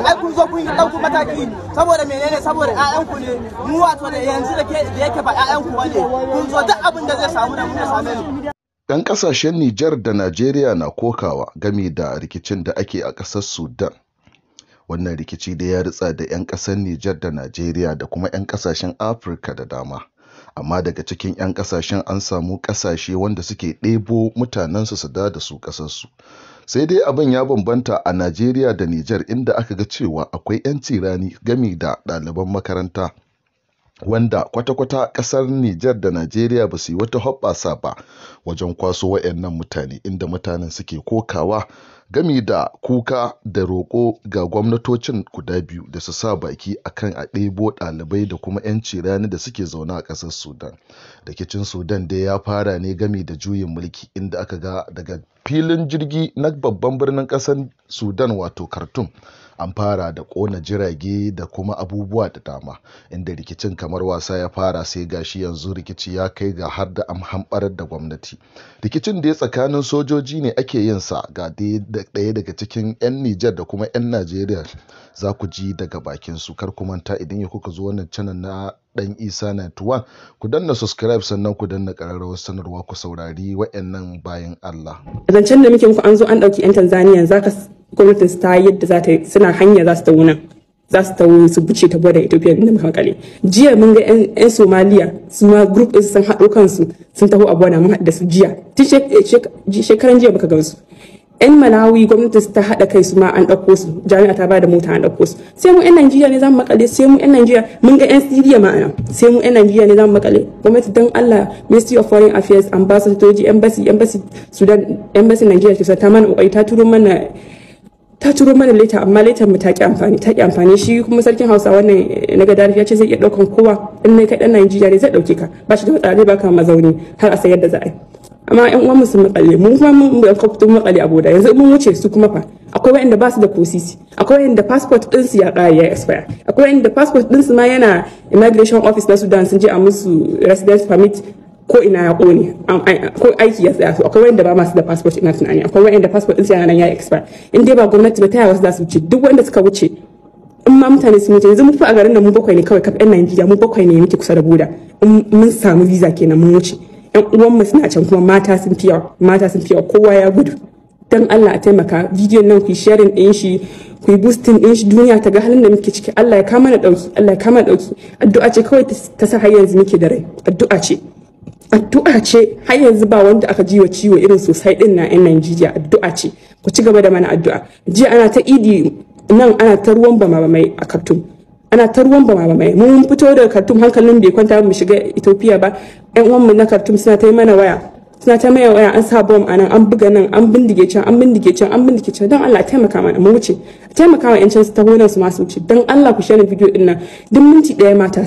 ai kun zo kun yi ɗauku mataki saboda menene saboda ƴaƴanku ne mu wato da yanzu da yake ba ƴaƴanku ne, kun zo duk abin da zai samu da mu ya same mu Yan Nijar da Najeriya na kokawa game da rikicin da ake a ƙasar Sudan. Wannan rikici da ya ritsa da 'yan ƙasar Nijar da Najeriya da kuma 'yan ƙasashen Afirka da dama. amma daga cikin 'yan kasashen an samu ƙasashe wanda suke ɗebo mutanensu su da su ƙasarsu sai dai abin ya bambanta a najeriya da nijar inda aka ga cewa akwai 'yanci rani gami da ɗaliban makaranta wanda kwata-kwata ƙasar Nijar da Najeriya ba su yi wata hoɓɓasa ba wajen kwaso wa'annan mutane inda mutanen suke kokawa gami da kuka da roƙo ga gwamnatocin guda biyu da su sa baki a kan a ɗebo ɗalibai da kuma 'yanci rani da suke zaune a ƙasar sudan rikicin sudan dai ya fara ne gami da juyin mulki inda aka ga daga filin jirgi na babban birnin ƙasar sudan wato khartoum an fara da kona jirage da kuma abubuwa da dama inda rikicin kamar wasa ya fara sai gashi yanzu rikici ya kai ga har da amhambarar da gwamnati rikicin da ya tsakanin sojoji ne ake yin sa ga ɗaya daga cikin 'yan nijar da kuma 'yan najeriya za ku ji daga bakin su kar kuma ta, idan ya kuka zo wannan canan na dan isa 91 ku danna subscribe sannan ku danna kararrawar sanarwa ku saurari wa'annan bayan allah zancen da muke muku an zo an ɗauki 'yan tanzania zaka gwamnatin su ta yadda za ta suna hanya za su ta wunan za su ta su buce ta gwada ethiopia da makakale jiya mun ga yan somaliya su ma group din sun haɗo kansu sun taho a na mun da su jiya tun eh, shekaran jiya baka gansu yan malawi gwamnati su ta haɗa kai su ma an ɗauko su jami'a ta bada mota an ɗauko su sai mu yan najeriya ne za mu makale sai mu yan najeriya mun ga yan siriya ma'ana sai mu yan najeriya ne za mu makale gwamnati don allah ministry of foreign affairs ambassador embassy embassy sudan embassy nigeria ta mana kokari ta turo mana ta turo mana leta amma letar mu ta ki amfani ta ki amfani shi kuma sarkin Hausa wannan eh, na ga ya ce zai iya daukan kowa in ne kai dan Najeriya ne zai dauke ka ba shi da matsala zai baka mazauni har a sayar da za a yi amma yan uwan mu sun makale mu kuma mun ba ka makale aboda yanzu mun wuce su kuma fa akwai wanda ba su da kosisi akwai wanda passport din su ya kare ya expire akwai wanda passport din su ma yana immigration office na Sudan sun je a musu residence permit ko ina ya kone ko aiki ya tsaya su akwai wanda ba masu da passport ina tunani akwai wanda passport din yana nan ya expire in dai ba gwamnati ba taya wasu za su wuce duk wanda suka wuce in ma mutane sun wuce yanzu mu fi a garin da mu bakwai ne kawai kaf yan Najeriya mu bakwai ne muke kusa da boda mun samu visa kenan mun wuce yan uwan mu suna can kuma mata sun fiya mata sun fiya kowa ya gudu dan Allah a taimaka bidiyon nan ku sharing din shi ku yi boosting din shi duniya ta ga halin da muke ciki Allah ya kama na dauki Allah ya kama na dauki addu'a ce kawai ta sa har yanzu muke da rai addu'a ce addu'a ce har yanzu ba wanda aka ji wa ciwo irin sosai din na 'yan Najeriya addu'a ce ku ci gaba da mana addu'a jiya ana ta idi nan ana ta ruwan bama mai a Khartoum ana ta ruwan bama mai mun fito daga Khartoum hankalin bai kwanta mu shiga Ethiopia ba yan uwan mu na Khartoum suna ta yi mana waya suna ta mai waya an sa bom anan an buga nan an bindige can an bindige can an bindige can don Allah taimaka mana mu wuce taimaka wa yan can su ta nan su su wuce don Allah ku share bidiyo din nan duk minti daya mata